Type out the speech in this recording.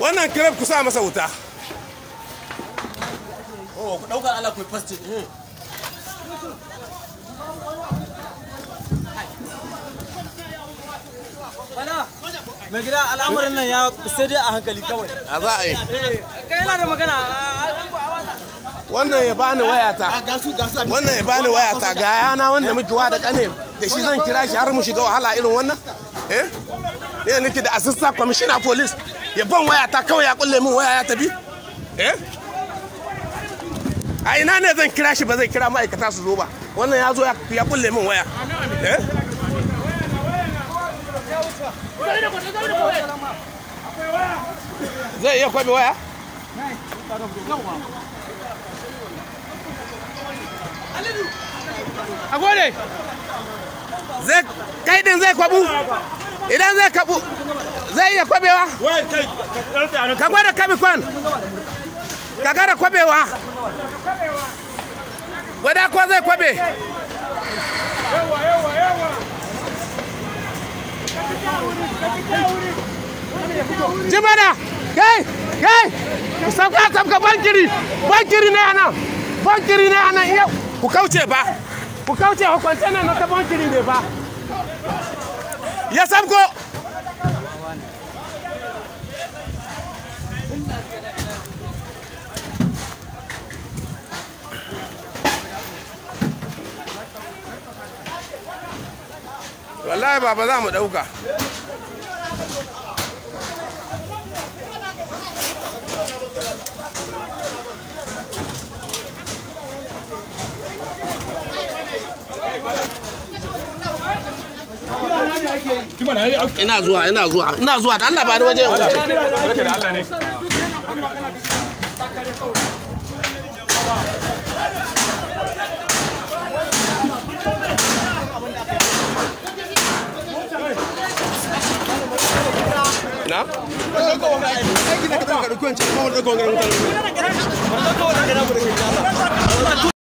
wannan kirab ku sa masa wuta oh ku daukar Allah ku fasti bala mai gida al'amarin nan ya sai dai a hankali kawai a za a yi kai yana da magana wannan ya bani wayata ah, wannan ya bani wayata ga yana wanda muke wa da kane da shi zan kira shi har mu shiga wahala irin wannan eh ne nake da assistant commissioner police ya ban wayata kawai ya kulle min waya ya tafi eh a ina ne zan kira shi ba zai kira ma'aikata su zo ba wannan ya zo ya kulle min waya eh zai iya kwabe waya a gode kai din zai kwabu idan zai kwabu zai iya kwabewa ka gwada kami kwan ka gara kwabewa gwada ko zai kwabe jimana kai kai sauka bankiri bankiri ana bankiri ana ku kauce ba ku kauce wa kwantena na tabon kiri ne ba ya ko. wallahi baba za mu ɗauka ina zuwa ina zuwa ina zuwa da Allah ba da waje na?